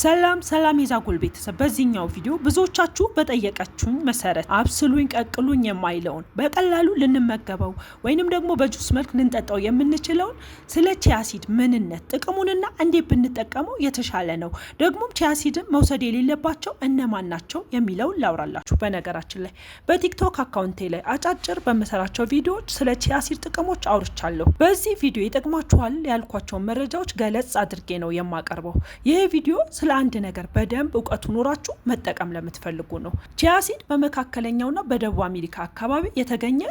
ሰላም ሰላም የዛጎል ቤተሰብ፣ በዚህኛው ቪዲዮ ብዙዎቻችሁ በጠየቀችሁኝ መሰረት አብስሉኝ ቀቅሉኝ የማይለውን በቀላሉ ልንመገበው ወይንም ደግሞ በጁስ መልክ ልንጠጣው የምንችለውን ስለ ቺያሲድ ምንነት ጥቅሙንና እንዴት ብንጠቀመው የተሻለ ነው፣ ደግሞም ቺያሲድን መውሰድ የሌለባቸው እነማን ናቸው የሚለውን ላውራላችሁ። በነገራችን ላይ በቲክቶክ አካውንቴ ላይ አጫጭር በምሰራቸው ቪዲዮዎች ስለ ቺያሲድ ጥቅሞች አውርቻለሁ። በዚህ ቪዲዮ ይጠቅማችኋል ያልኳቸውን መረጃዎች ገለጽ አድርጌ ነው የማቀርበው። ይህ ቪዲዮ ስለ አንድ ነገር በደንብ እውቀቱ ኖራችሁ መጠቀም ለምትፈልጉ ነው። ቺያ ሲድ በመካከለኛውና በደቡብ አሜሪካ አካባቢ የተገኘ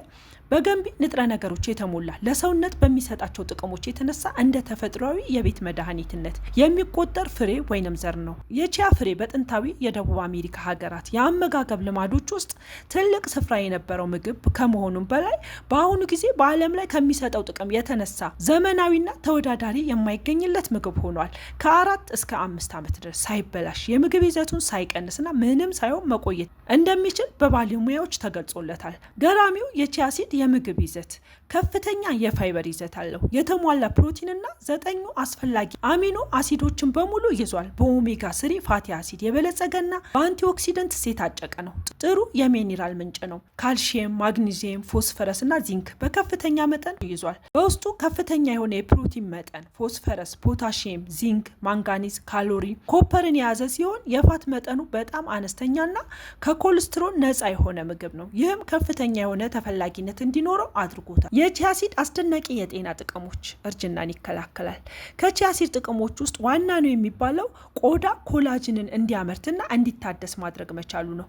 በገንቢ ንጥረ ነገሮች የተሞላ ለሰውነት በሚሰጣቸው ጥቅሞች የተነሳ እንደ ተፈጥሯዊ የቤት መድኃኒትነት የሚቆጠር ፍሬ ወይንም ዘር ነው። የቺያ ፍሬ በጥንታዊ የደቡብ አሜሪካ ሀገራት የአመጋገብ ልማዶች ውስጥ ትልቅ ስፍራ የነበረው ምግብ ከመሆኑም በላይ በአሁኑ ጊዜ በዓለም ላይ ከሚሰጠው ጥቅም የተነሳ ዘመናዊና ተወዳዳሪ የማይገኝለት ምግብ ሆኗል። ከአራት እስከ አምስት ዓመት ድረስ ሳይበላሽ የምግብ ይዘቱን ሳይቀንስና ምንም ሳይሆን መቆየት እንደሚችል በባለሙያዎች ተገልጾለታል። ገራሚው የቺያ ሲድ የምግብ ይዘት ከፍተኛ የፋይበር ይዘት አለው። የተሟላ ፕሮቲንና ዘጠኙ አስፈላጊ አሚኖ አሲዶችን በሙሉ ይዟል። በኦሜጋ ስሪ ፋቲ አሲድ የበለጸገና በአንቲኦክሲደንት የታጨቀ ነው። ጥሩ የሚኒራል ምንጭ ነው። ካልሽየም፣ ማግኒዚየም፣ ፎስፈረስ እና ዚንክ በከፍተኛ መጠን ይዟል። በውስጡ ከፍተኛ የሆነ የፕሮቲን መጠን ፎስፈረስ፣ ፖታሽየም፣ ዚንክ፣ ማንጋኒዝ፣ ካሎሪ ኮፐርን የያዘ ሲሆን የፋት መጠኑ በጣም አነስተኛና ከኮልስትሮን ነፃ የሆነ ምግብ ነው። ይህም ከፍተኛ የሆነ ተፈላጊነት እንዲኖረው አድርጎታል። የቺያሲድ አስደናቂ የጤና ጥቅሞች፣ እርጅናን ይከላከላል። ከቺያሲድ ጥቅሞች ውስጥ ዋና ነው የሚባለው ቆዳ ኮላጅንን እንዲያመርትና እንዲታደስ ማድረግ መቻሉ ነው።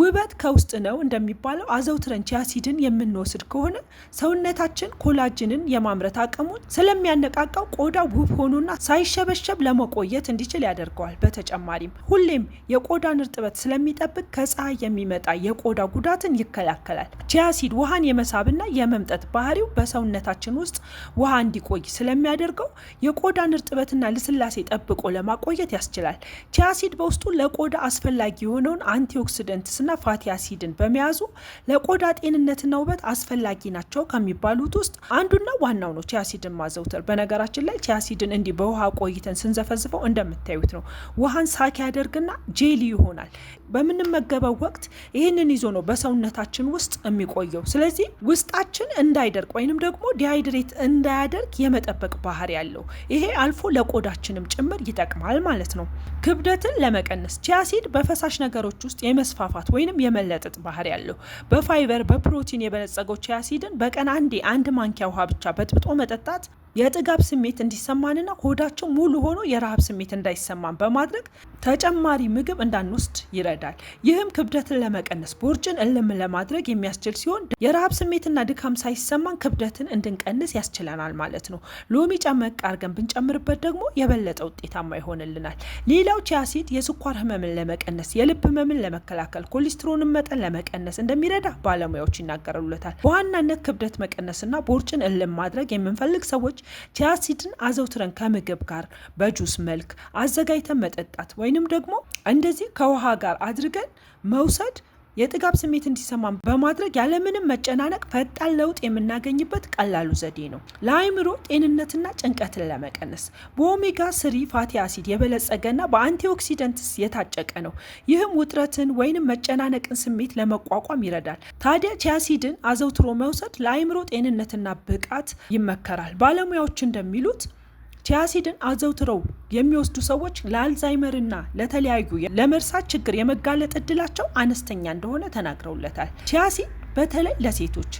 ውበት ከውስጥ ነው እንደሚባለው አዘውትረን ቺያሲድን የምንወስድ ከሆነ ሰውነታችን ኮላጅንን የማምረት አቅሙን ስለሚያነቃቃው ቆዳ ውብ ሆኖና ሳይሸበሸብ ለመቆየት እንዲችል ያደርጋል። ያደርገዋል። በተጨማሪም ሁሌም የቆዳን እርጥበት ስለሚጠብቅ ከፀሐይ የሚመጣ የቆዳ ጉዳትን ይከላከላል። ቺያሲድ ውሃን የመሳብና የመምጠት ባህሪው በሰውነታችን ውስጥ ውሃ እንዲቆይ ስለሚያደርገው የቆዳን እርጥበትና ልስላሴ ጠብቆ ለማቆየት ያስችላል። ቺያሲድ በውስጡ ለቆዳ አስፈላጊ የሆነውን አንቲኦክሲደንትስና ፋቲ አሲድን በመያዙ ለቆዳ ጤንነትና ውበት አስፈላጊ ናቸው ከሚባሉት ውስጥ አንዱና ዋናው ነው። ቺያሲድን ማዘውተር በነገራችን ላይ ቺያሲድን እንዲህ በውሃ ቆይተን ስንዘፈዝፈው እንደምታዩት ነው። ውሃን ሳክ ያደርግና ጄሊ ይሆናል። በምንመገበው ወቅት ይህንን ይዞ ነው በሰውነታችን ውስጥ የሚቆየው። ስለዚህ ውስጣችን እንዳይደርቅ ወይንም ደግሞ ዲሃይድሬት እንዳያደርግ የመጠበቅ ባህሪ ያለው ይሄ አልፎ ለቆዳችንም ጭምር ይጠቅማል ማለት ነው። ክብደትን ለመቀነስ ቺያሲድ በፈሳሽ ነገሮች ውስጥ የመስፋፋት ወይንም የመለጠጥ ባህሪ ያለው በፋይበር በፕሮቲን የበለጸገው ቺያሲድን በቀን አንዴ አንድ ማንኪያ ውሃ ብቻ በጥብጦ መጠጣት የጥጋብ ስሜት እንዲሰማንና ሆዳቸው ሙሉ ሆኖ የረሃብ ስሜት እንዳይሰማን በማድረግ ተጨማሪ ምግብ እንዳንወስድ ይረዳል። ይህም ክብደትን ለመቀነስ ቦርጭን እልም ለማድረግ የሚያስችል ሲሆን የረሃብ ስሜትና ድካም ሳይሰማን ክብደትን እንድንቀንስ ያስችለናል ማለት ነው። ሎሚ ጨመቅ አድርገን ብንጨምርበት ደግሞ የበለጠ ውጤታማ ይሆንልናል። ሌላው ቺያሲድ የስኳር ህመምን ለመቀነስ፣ የልብ ህመምን ለመከላከል፣ ኮሌስትሮንን መጠን ለመቀነስ እንደሚረዳ ባለሙያዎች ይናገሩለታል። በዋናነት ክብደት መቀነስና ቦርጭን እልም ማድረግ የምንፈልግ ሰዎች ቲያሲድን አዘውትረን ከምግብ ጋር በጁስ መልክ አዘጋጅተን መጠጣት ወይንም ደግሞ እንደዚህ ከውሃ ጋር አድርገን መውሰድ የጥጋብ ስሜት እንዲሰማን በማድረግ ያለምንም መጨናነቅ ፈጣን ለውጥ የምናገኝበት ቀላሉ ዘዴ ነው። ለአይምሮ ጤንነትና ጭንቀትን ለመቀነስ በኦሜጋ ስሪ ፋቲ አሲድ የበለጸገና በአንቲኦክሲደንትስ የታጨቀ ነው። ይህም ውጥረትን ወይንም መጨናነቅን ስሜት ለመቋቋም ይረዳል። ታዲያ ቺያሲድን አዘውትሮ መውሰድ ለአይምሮ ጤንነትና ብቃት ይመከራል። ባለሙያዎች እንደሚሉት ቲያሲድን አዘውትረው የሚወስዱ ሰዎች ለአልዛይመርና ለተለያዩ ለመርሳት ችግር የመጋለጥ እድላቸው አነስተኛ እንደሆነ ተናግረውለታል። ቲያሲድ በተለይ ለሴቶች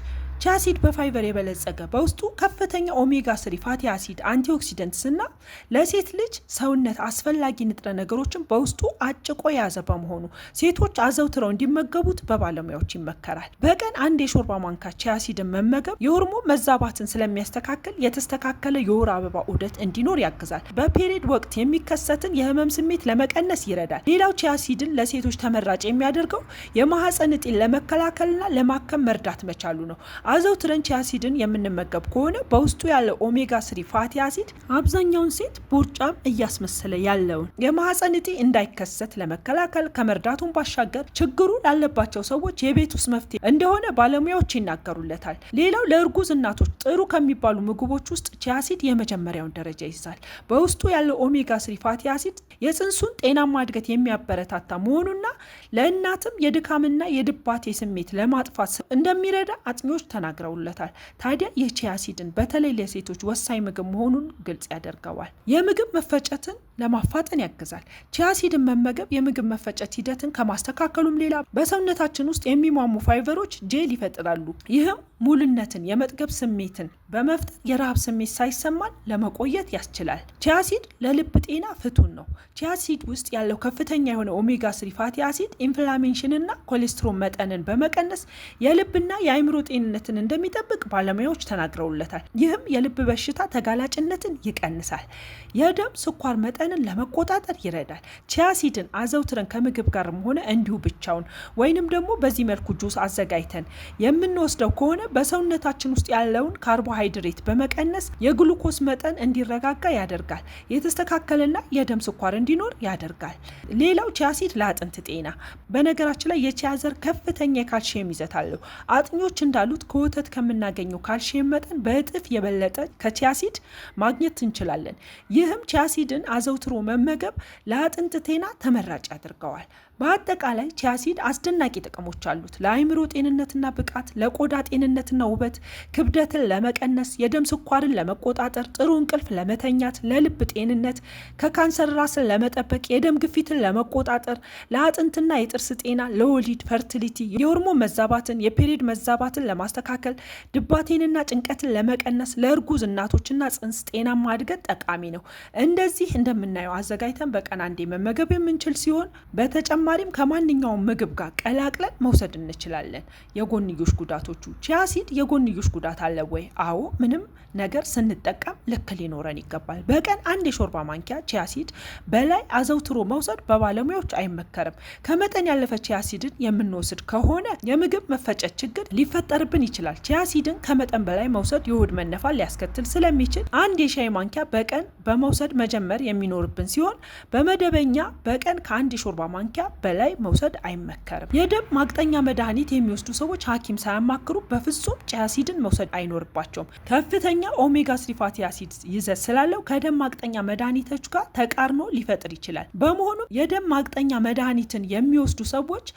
ቺያሲድ በፋይበር የበለጸገ በውስጡ ከፍተኛ ኦሜጋ ስሪ ፋቲ አሲድ፣ አንቲኦክሲደንትስ እና ለሴት ልጅ ሰውነት አስፈላጊ ንጥረ ነገሮችን በውስጡ አጭቆ የያዘ በመሆኑ ሴቶች አዘውትረው እንዲመገቡት በባለሙያዎች ይመከራል። በቀን አንድ የሾርባ ማንካ ቺያሲድን መመገብ የሆርሞን መዛባትን ስለሚያስተካክል የተስተካከለ የወር አበባ ዑደት እንዲኖር ያግዛል። በፔሪድ ወቅት የሚከሰትን የህመም ስሜት ለመቀነስ ይረዳል። ሌላው ቺያሲድን ለሴቶች ተመራጭ የሚያደርገው የማህፀን እጢን ለመከላከልና ለማከም መርዳት መቻሉ ነው። አዘውትረን ቺያ ሲድን የምንመገብ ከሆነ በውስጡ ያለው ኦሜጋ ስሪ ፋቲ አሲድ አብዛኛውን ሴት ቦርጫም እያስመሰለ ያለውን የማህፀን እጢ እንዳይከሰት ለመከላከል ከመርዳቱን ባሻገር ችግሩ ላለባቸው ሰዎች የቤት ውስጥ መፍትሄ እንደሆነ ባለሙያዎች ይናገሩለታል። ሌላው ለእርጉዝ እናቶች ጥሩ ከሚባሉ ምግቦች ውስጥ ቺያ ሲድ የመጀመሪያውን ደረጃ ይይዛል። በውስጡ ያለው ኦሜጋ ስሪ ፋቲ አሲድ የጽንሱን ጤናማ እድገት የሚያበረታታ መሆኑና ለእናትም የድካምና የድባቴ ስሜት ለማጥፋት እንደሚረዳ አጥኚዎች ተናግረውለታል። ታዲያ የቺያ ሲድን በተለይ ለሴቶች ወሳኝ ምግብ መሆኑን ግልጽ ያደርገዋል። የምግብ መፈጨትን ለማፋጠን ያግዛል። ቺያ ሲድን መመገብ የምግብ መፈጨት ሂደትን ከማስተካከሉም ሌላ በሰውነታችን ውስጥ የሚሟሙ ፋይበሮች ጄል ይፈጥራሉ። ይህም ሙልነትን፣ የመጥገብ ስሜትን በመፍጠር የረሃብ ስሜት ሳይሰማን ለመቆየት ያስችላል። ቺያሲድ ለልብ ጤና ፍቱን ነው። ቺያሲድ ውስጥ ያለው ከፍተኛ የሆነ ኦሜጋ ስሪ ፋቲ አሲድ ኢንፍላሜሽንና ኮሌስትሮል መጠንን በመቀነስ የልብና የአይምሮ ጤንነትን እንደሚጠብቅ ባለሙያዎች ተናግረውለታል። ይህም የልብ በሽታ ተጋላጭነትን ይቀንሳል። የደም ስኳር መጠንን ለመቆጣጠር ይረዳል። ቺያሲድን አዘውትረን ከምግብ ጋርም ሆነ እንዲሁ ብቻውን ወይንም ደግሞ በዚህ መልኩ ጁስ አዘጋጅተን የምንወስደው ከሆነ በሰውነታችን ውስጥ ያለውን ካርቦ ካርቦሃይድሬት በመቀነስ የግሉኮስ መጠን እንዲረጋጋ ያደርጋል። የተስተካከለና የደም ስኳር እንዲኖር ያደርጋል። ሌላው ቺያሲድ ለአጥንት ጤና። በነገራችን ላይ የቺያ ዘር ከፍተኛ የካልሽየም ይዘት አለው። እንዳሉት ከወተት ከምናገኘው ካልሽየም መጠን በእጥፍ የበለጠ ከቺያሲድ ማግኘት እንችላለን። ይህም ቺያሲድን አዘውትሮ መመገብ ለአጥንት ጤና ተመራጭ ያደርገዋል። በአጠቃላይ ቺያሲድ አስደናቂ ጥቅሞች አሉት። ለአይምሮ ጤንነትና ብቃት፣ ለቆዳ ጤንነትና ውበት፣ ክብደትን ለመቀነስ፣ የደም ስኳርን ለመቆጣጠር፣ ጥሩ እንቅልፍ ለመተኛት፣ ለልብ ጤንነት፣ ከካንሰር ራስን ለመጠበቅ፣ የደም ግፊትን ለመቆጣጠር፣ ለአጥንትና የጥርስ ጤና፣ ለወሊድ ፈርቲሊቲ፣ የሆርሞን መዛባትን፣ የፔሪድ መዛባትን ለማስተካከል፣ ድባቴንና ጭንቀትን ለመቀነስ፣ ለእርጉዝ እናቶችና ጽንስ ጤናማ እድገት ጠቃሚ ነው። እንደዚህ እንደምናየው አዘጋጅተን በቀን አንዴ መመገብ የምንችል ሲሆን በተጨማ በተጨማሪም ከማንኛውም ምግብ ጋር ቀላቅለን መውሰድ እንችላለን። የጎንዮሽ ጉዳቶቹ ቺያሲድ የጎንዮሽ ጉዳት አለ ወይ? አዎ፣ ምንም ነገር ስንጠቀም ልክ ሊኖረን ይገባል። በቀን አንድ የሾርባ ማንኪያ ቺያሲድ በላይ አዘውትሮ መውሰድ በባለሙያዎች አይመከርም። ከመጠን ያለፈ ቺያሲድን የምንወስድ ከሆነ የምግብ መፈጨት ችግር ሊፈጠርብን ይችላል። ቺያሲድን ከመጠን በላይ መውሰድ የሆድ መነፋል ሊያስከትል ስለሚችል አንድ የሻይ ማንኪያ በቀን በመውሰድ መጀመር የሚኖርብን ሲሆን በመደበኛ በቀን ከአንድ የሾርባ ማንኪያ በላይ መውሰድ አይመከርም። የደም ማቅጠኛ መድኃኒት የሚወስዱ ሰዎች ሐኪም ሳያማክሩ በፍጹም ጪያሲድን መውሰድ አይኖርባቸውም። ከፍተኛ ኦሜጋ ስሪ ፋቲ አሲድ ይዘት ስላለው ከደም ማቅጠኛ መድኃኒቶች ጋር ተቃርኖ ሊፈጥር ይችላል። በመሆኑ የደም ማቅጠኛ መድኃኒትን የሚወስዱ ሰዎች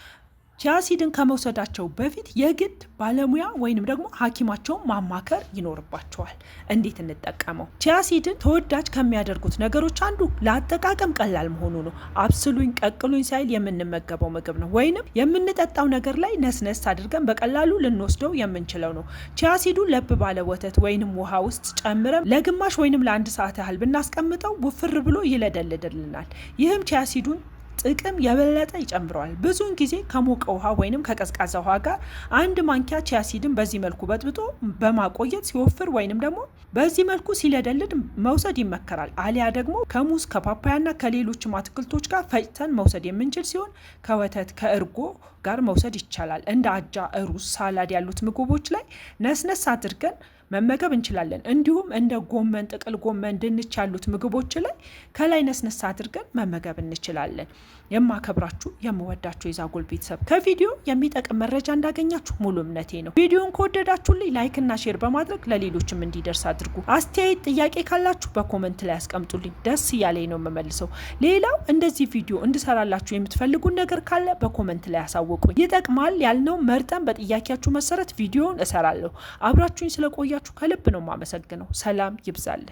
ቺያሲድን ከመውሰዳቸው በፊት የግድ ባለሙያ ወይንም ደግሞ ሐኪማቸውን ማማከር ይኖርባቸዋል። እንዴት እንጠቀመው? ቺያሲድን ተወዳጅ ከሚያደርጉት ነገሮች አንዱ ለአጠቃቀም ቀላል መሆኑ ነው። አብስሉኝ ቀቅሉኝ ሳይል የምንመገበው ምግብ ነው። ወይንም የምንጠጣው ነገር ላይ ነስነስ አድርገን በቀላሉ ልንወስደው የምንችለው ነው። ቺያሲዱን ለብ ባለ ወተት ወይንም ውሃ ውስጥ ጨምረን ለግማሽ ወይንም ለአንድ ሰዓት ያህል ብናስቀምጠው ውፍር ብሎ ይለደልድልናል። ይህም ቺያሲዱን ጥቅም የበለጠ ይጨምረዋል። ብዙውን ጊዜ ከሞቀ ውሃ ወይንም ከቀዝቃዛ ውሃ ጋር አንድ ማንኪያ ቺያሲድን በዚህ መልኩ በጥብጦ በማቆየት ሲወፍር ወይንም ደግሞ በዚህ መልኩ ሲለደልድ መውሰድ ይመከራል። አሊያ ደግሞ ከሙዝ ከፓፓያና ከሌሎችም አትክልቶች ጋር ፈጭተን መውሰድ የምንችል ሲሆን ከወተት ከእርጎ ጋር መውሰድ ይቻላል። እንደ አጃ፣ ሩዝ፣ ሳላድ ያሉት ምግቦች ላይ ነስነስ አድርገን መመገብ እንችላለን። እንዲሁም እንደ ጎመን፣ ጥቅል ጎመን፣ ድንች ያሉት ምግቦች ላይ ከላይ ነስነስ አድርገን መመገብ እንችላለን። የማከብራችሁ የምወዳችሁ የዛጎል ቤተሰብ ከቪዲዮ የሚጠቅም መረጃ እንዳገኛችሁ ሙሉ እምነቴ ነው። ቪዲዮን ከወደዳችሁልኝ ላይክና ሼር በማድረግ ለሌሎችም እንዲደርስ አድርጉ። አስተያየት፣ ጥያቄ ካላችሁ በኮመንት ላይ ያስቀምጡልኝ። ደስ እያለኝ ነው የምመልሰው። ሌላው እንደዚህ ቪዲዮ እንድሰራላችሁ የምትፈልጉን ነገር ካለ በኮመንት ላይ ያሳው አሳውቁኝ። ይጠቅማል ያልነው መርጠን በጥያቄያችሁ መሰረት ቪዲዮውን እሰራለሁ። አብራችሁኝ ስለቆያችሁ ከልብ ነው የማመሰግነው። ሰላም ይብዛል።